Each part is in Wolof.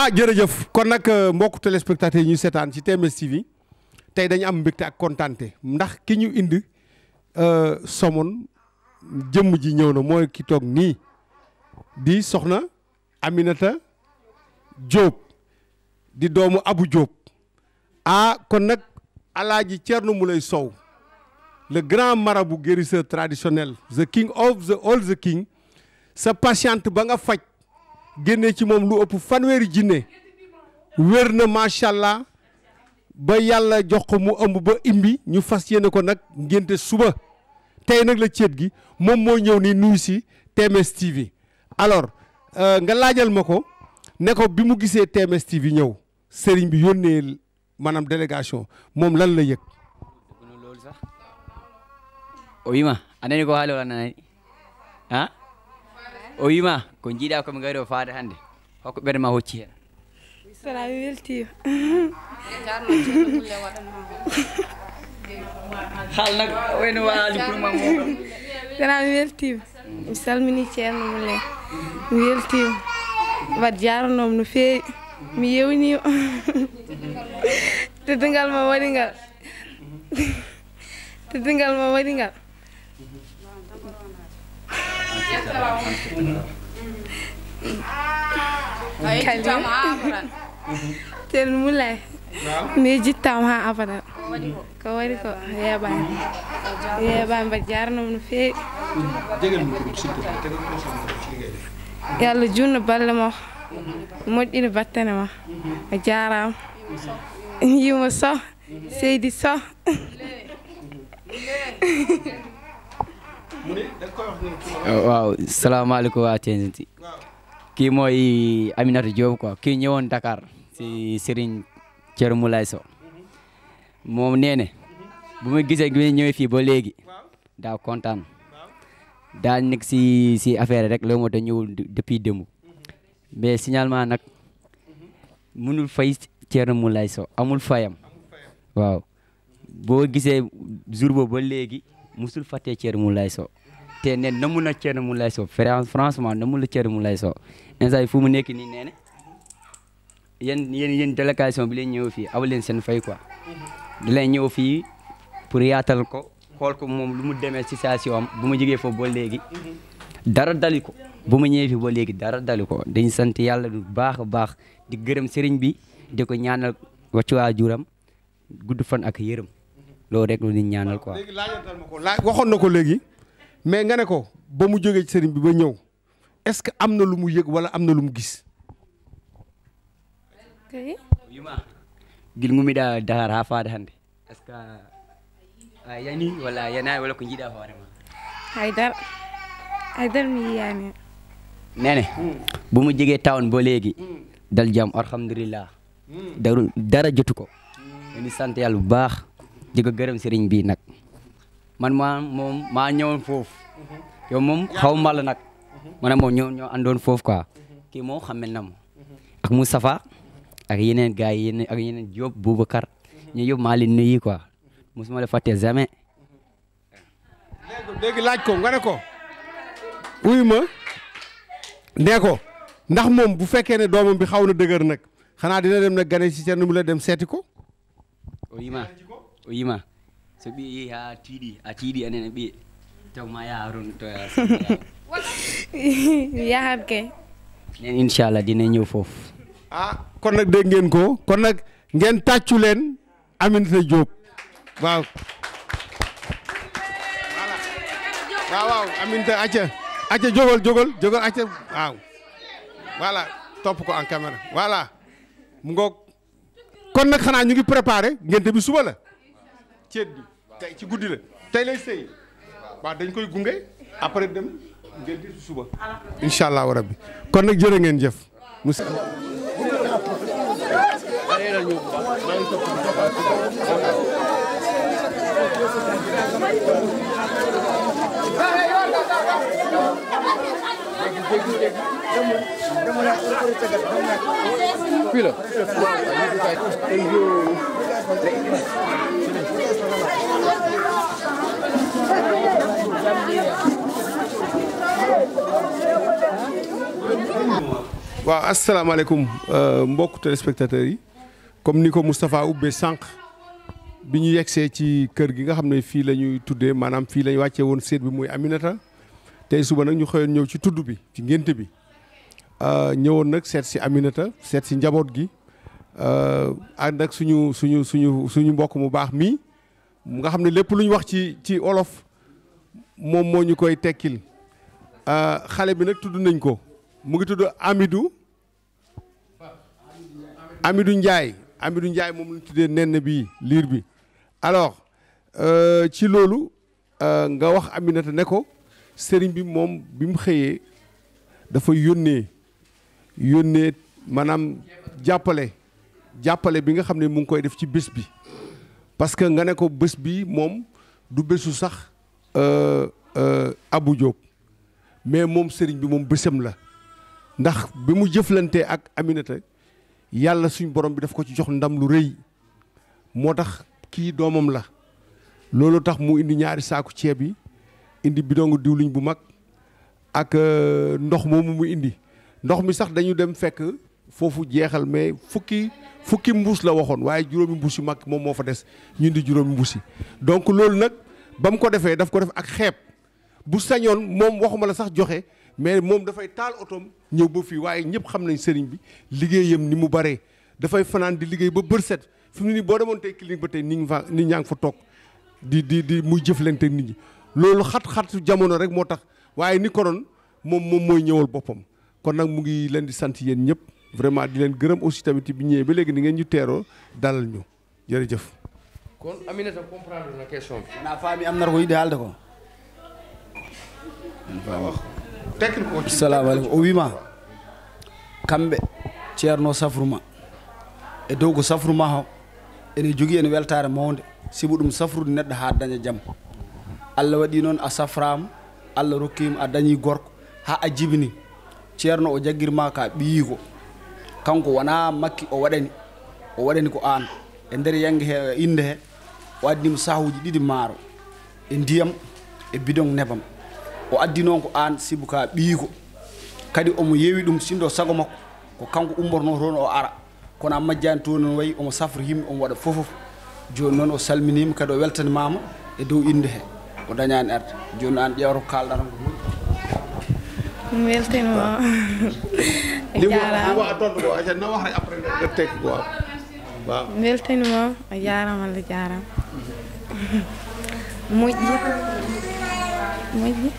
ah jërëjëf kon nag euh, mbokku téléspectateurs yi ñuy seetaan ci TMS TV tey dañu am mbégte ak kontaante ndax ki ñu indi euh, Somone jëmm ji ñëw na mooy ki toog nii di soxna Aminata jóob di doomu Abu jóob ah kon nag alaaji Thierno Moulay Sow le grand marabu guérisseur traditionnel the king of the all the king sa patiente ba nga faj génne ci moom lu ëpp fanweeri jinne wér na macha allah ba yàlla jox ko mu ëmb ba imbi ñu fas yéene ko nag ngénte suba tey nag la céet gi moom moo ñëw nii nuyu si TMS TV alors euh, nga laajal ma ko ne ko bi mu gisee TMS TV ñëw sëriñ bi yónnee maanaam délégation moom lan la yëg. o wiima o wima ko jiiɗa komi gari o faade hannde hokko ɓerde ma hocci hen sala mi weltima haalnak wayno waali kurma moɗon sala mi weltima mi salmini ceerno mulle mi weltima wat jaranomi no feewi mi yewnima teddungal ma waɗi ngal teddungal ma waɗi ngal كلمة تلملة نيجي تامها أبدا كواريكو يا بان يا بان بجارنا من في يلا جون بالله moƴƴina battane ma a jarama yimo soh seydi soh Euh, waaw salaamaaleykum waa Thiès kii mooy Aminata Diop quoi kii ñëwoon Dakar si Serigne Thierno Moulay Sow moom nee na bu ma gisee bi ñëwee fii ba léegi daa kontaan daa nekk si si affaire rek loo moo tax ñëwul depuis démb mais signalement nag mënul fay Thierno Moulay so amul fayam waaw boo gisee jour boobu ba léegi musul fàttee Thierno mulaay so te nen namu na Thierno Moulay Sow franchement namu la Thierno Moulay mu nekk nii nee na yéen yéen yéen délégation bi leen ñëw fii aw leen seen fay quoi mm-hmm. di leen ñëw fii pour yaatal ko xool ko moom lu mu demee situation am bu mu jigee foofu ba léegi mm-hmm. dara dali ko bu mu ñëwee fii ba léegi dara dali ko dañ sant yàlla bu baax a baax di gërëm sëriñ bi di ko ñaanal wàccu waajuram gudd fan ak yërëm mm-hmm. loolu rek lu ñaanal quoi. léegi ko waxoon mais nga ne ko ba mu jógee ci sëriñ bi ba ñëw est-ce que am na lu mu yëg walla am na lu mu gis. gilgumiɗa dakar ha faade hannde est ce que a ah, yani walla yanani walla ko jiiɗa hoorema haydara haydara mi yiyani nene bomo jogui tawn bo leegui dal jaam alhamdoulillah hmm. daru dara jotu ko eni sante yàlla bu baax digo gërëm sëriñ bi nag man maa moom maa ñëwoon foofu mm-hmm. yow moom xaw ma la nag mm-hmm. man moom ñoo ñoo àndoon foofu quoi mm-hmm. kii moom na ma ak Moustapha ak yeneen gars yeneen ak yeneen Diop Boubacar ñu maa leen nuyu quoi mosuma la fàtte jamais. léegi laaj ko nga ne ko uy nee ko ndax moom bu fekkee ne doomam bi xaw na dëgër nag xanaa dina dem nag gane si seen mu la dem seeti ko. so ɓi yehi ha tiiɗi a tiiɗi anene ɓi taw ma yaha rontoya yahan ke nen inchallah dina ñëw foof ah kon nag dégg ngeen ko kon nag ngeen tàccu leen Aminata Diop waaw waaw waaw acca acca jógal jógal jógal acca waaw voilà topp ko en caméra voilà mu ngoog kon nag xanaa ñu ngi préparé ngénte bi suba la ceet tey ci guddi la tey lay dañ koy gunge après dem ngeen di allah rabbi kon nag jërë ngeen jëf monsieur fii waaw asalaamaaleykum euh, mbokk téléspectateurs yi comme ni ko Moustapha ubbee sànq bi ñu yegsee ci kër gi nga xam ne fii la ñuy tuddee maanaam fii la wàccee woon seet bi muy Aminata tey suba nag ñu xëyoon ñëw ci tudd bi ci ngénte bi euh, ñëwoon nag seet si Aminata seet si njaboot gi. Euh, ànd ak suñu suñu suñu suñu mbokk mu baax mii nga xam ne lépp lu ñu wax ci ci olof moom moo ñu koy tekkil euh, xale bi nag tudd nañ ko mu ngi tudd Amidou Amidou njaay Amidou njaay moom lañ tuddee nen bii liir bi alors euh, ci loolu nga wax Aminata ne ko sëriñ bi moom bi mu xëyee dafa yónnee yónnee maanaam jàppale jàppale bi nga xam ne mu ngi koy def ci bés bi parce que nga ne ko bés bi moom du bésu sax euh, euh, abu Diop mais moom sëriñ bi moom bésam la ndax bi mu jëflantee ak Aminata yàlla suñ borom bi daf ko ci jox ndam lu rëy moo tax kii doomam la loolu tax mu indi ñaari saaku ceeb bi indi bidongu diwliñ bu mag ak euh, ndox moomu mu indi ndox mi sax dañu dem fekk foofu jeexal mais fukki fukki mbuus la waxoon waaye juróomi mbuus yu mag moom moo fa des ñun di juróomi mbuus yi donc loolu nag ba mu ko defee daf ko def ak xeep bu sañoon moom waxuma la sax joxe mais moom dafay taal otoom ñëw ba fii waaye ñëpp xam nañ sëriñ bi liggéeyam ni mu baree dafay fanaan di liggéey ba bër set fi mu ne nii boo demoon tey clinique ba tey ni fa nit ñaa ngi fa toog di di di muy jëflante nit ñi loolu xat-xatu jamono rek moo tax waaye ni ko moom moom mooy ñëwal boppam kon nag mu ngi leen di sant yéen ñëpp vraiment di gërëm aussi tamit bi ñëwee ba léegi ni ngeen ñu teeroo dalal ñu jërëjëf. kon Aminata comprendre na am nar ko idéal de ko. wax. tekki ko ci salaamaaleykum o wiima kamɓe ceerno safruma e dow ko safruma o ene jogii ene weltaare mawnde sibu ɗum safrude neɗɗo haa daña jam allah waɗi noon a safraama allah rokkiima a dañii gorko haa a jibini ceerno o jaggirma ka ɓiyi ko kanko wona makki o waɗani o waɗani ko an e nder yange he inde he o addimo sahuji ɗiɗi maaro e ndiyam e bidon nebam o addi ko an sibu ka ɓiyiko kadi omo yewi ɗum sindo sago makko ko kanko ummorno toon o ara kono a majjani to noon wayi omo safra yimɓe omo waɗa fofoof joni noon o salminima kadi o weltanimama e dow inde he o dañani arde joni an ƴewata ko kalɗatan ko mbeltinooma beltanima a jarama allah jarama moƴƴi moƴƴi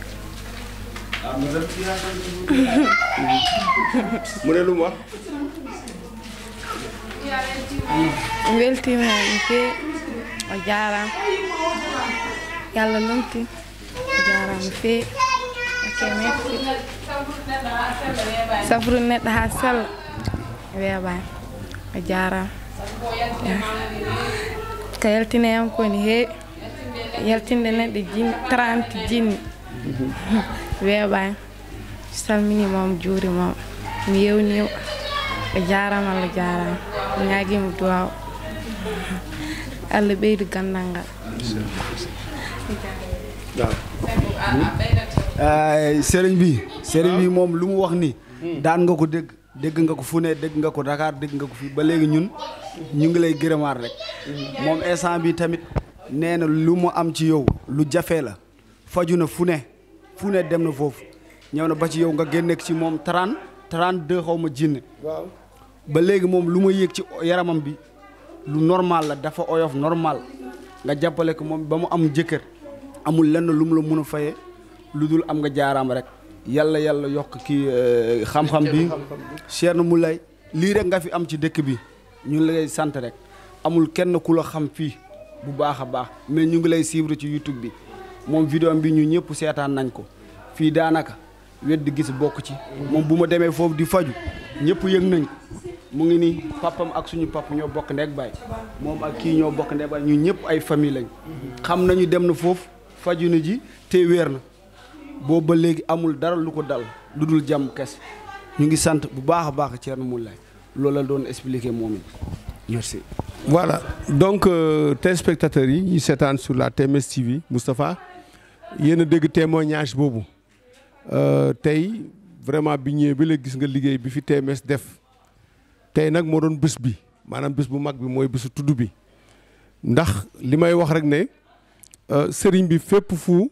mune ɗum wa weltima hen fewi o jarama yo allah o jarama fewi metti safru neɗɗo ha sella weeɓani o jarama ko yaltinayam koni heewi yaltinde neɗɗo jinni trente jinni weeɓani salminimamo juurimamo mi yewnimo o jarama allah jarama mi ñaguima duwaw allah ɓeydu gandal Euh, sëriñ bi sëriñ bi ah. moom lu mu wax ni hmm. daan nga ko dégg dégg nga ko fu ne dégg nga ko Dakar dégg nga ko fii ba léegi ñun ñu ngi lay gërëmaar rek hmm. moom instant bi tamit nee na lu mu am ci yow lu jafe la faju na fu ne fu ne dem na foofu ñëw na ba ci yow nga génne ci moom 30 32 xaw ma jinne waaw ba léegi moom lu ma yëg ci yaramam bi lu normal la dafa oyof normal nga jàppale ko moom ba mu am jëkkër amul lenn lu mu la mun a fayee lu dul am nga jaaraam rek yàlla yàlla yokk kii euh, xam-xam bi Thierno Moulay lii rek nga fi am ci dëkk bi ñu ngi lay sant rek amul kenn ku la xam fii bu baax a baax mais ñu ngi lay suivre ci YouTube bi moom vidéo bi ñu ñëpp seetaan nañ ko fii daanaka wet di gis bokk ci moom bu ma demee foofu di faju ñëpp yëg nañ mu ngi nii pappam ak suñu pap ñoo bokk ndeeg baay moom ak kii ñoo bokk ndeeg baay ñu ñëpp ay famille lañ xam nañu dem na foofu faju na ji te wéer na boobu ba léegi amul dara lu ko dal lu dul jàmm kese ñu ngi sant bu baax a baax Thierno Moulay loolu la doon expliquer moom it merci. voilà donc euh, téléspectateurs yi ñu sur la TMS TV Moustapha yéen a dégg témoignage boobu euh, tey vraiment bi ñëwee ba léegi gis nga liggéey bi fi TMS def tey nag moo doon bés bi maanaam bés bu mag bi mooy bésu tudd bi ndax li may wax rek ne euh, sëriñ bi fépp fu.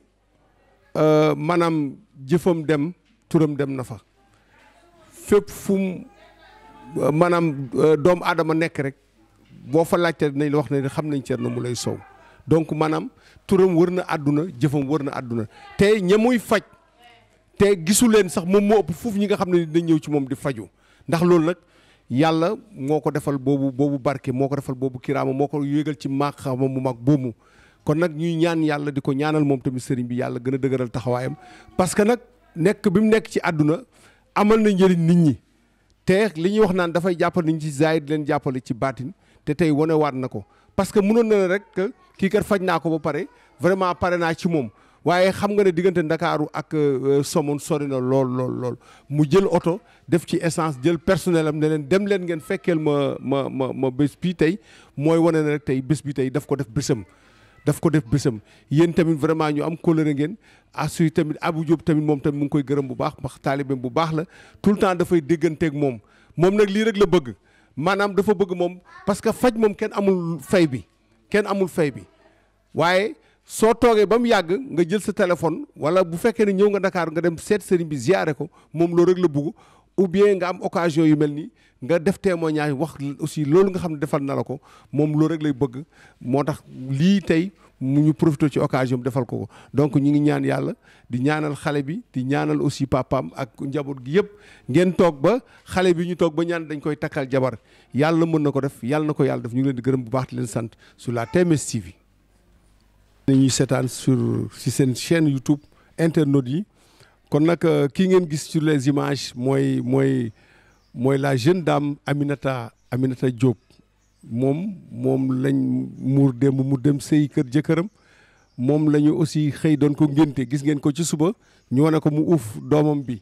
Euh, maanaam jëfam dem turam dem na fa fépp fu mu euh, maanaam euh, doomu aadama nekk rek boo fa laajte dinañ la wax ne xam nañ na mu lay Sow donc maanaam turam wër na àdduna jëfam wër na àdduna te ña faj te gisu leen sax moom moo ëpp foofu ñi nga xam ne dinañ ñëw ci moom di faju ndax loolu nag yàlla moo ko defal boobu boobu barke moo ko defal boobu kiraama moo ko yéegal ci maaxama mu mag boobu kon nag ñuy ñaan yàlla di ko ñaanal moom tamit sëriñ bi yàlla gën a dëgëral taxawaayam parce que nag nekk bi mu nekk ci àdduna amal na njëriñ nit ñi te li ñuy wax naan dafay jàppal nit ñi ci zaahir di leen jàppale ci baatin te tey wanewaat na ko parce que mënoon na rek kii kat faj naa ko ba pare vraiment pare naa ci moom waaye xam nga ne diggante ndakaaru ak euh, somon sori na lool lool lool mu jël oto def ci essence jël personnel am ne leen dem leen ngeen fekkeel ma ma ma ma bés bi tey mooy wane na rek tey bés bi tey daf ko def bésam daf ko def bésam yéen tamit vraiment ñu am kóllëre ngeen asuy tamit Abou Diop tamit moom tamit mu ngi koy gërëm bu baax ndax taalibeem bu baax la tout le temps dafay dégganteeg moom moom nag lii rek la bëgg maanaam dafa bëgg moom parce que faj moom kenn amul fay bi kenn amul fay bi waaye soo toogee ba mu yàgg nga jël sa téléphone wala bu fekkee ne ñëw nga Dakar nga dem seet sëriñ bi ziyaare ko moom loolu rek la bëgg ou bien nga am occasion yu mel nii nga def témoignage wax aussi loolu nga xam ne defal na la ko moom loolu rek lay bëgg moo tax lii tey mu ñu profité ci occasion bi defal ko ko donc ñu ngi ñaan yàlla di ñaanal xale bi di ñaanal aussi papaam ak njaboot gi yëpp ngeen toog ba xale bi ñu toog ba ñaan dañ koy takkal jabar yàlla mën na ko def yàlla na ko yàlla def ñu ngi leen di gërëm bu baax di leen sant sur la TMS TV. nañuy seetaan sur si seen chaîne YouTube internautes yi. kon nag euh, kii ngeen gis ci les images mooy mooy mooy la jeune dame Aminata Aminata jóob moom moom lañ muur démb mu dem sëy kër jëkkëram moom la ñu aussi xëy doon ko ngénte gis ngeen ko ci suba ñu wane ko mu uuf doomam bi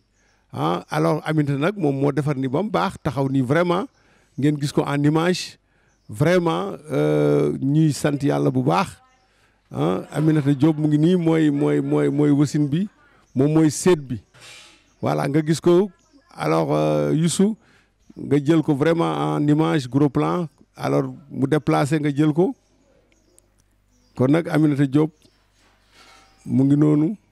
ah alors Aminata nag moom moo defar ni ba mu baax taxaw nii vraiment ngeen gis ko en image vraiment euh, ñuy sant yàlla bu baax ah Aminata Diop mu ngi nii mooy mooy mooy mooy wasin bi moom mooy seet bi voilà nga gis ko alors euh, yusu nga jël ko vraiment en image gros plan alors mu déplacé nga jël ko kon nag Aminata Diop mu ngi noonu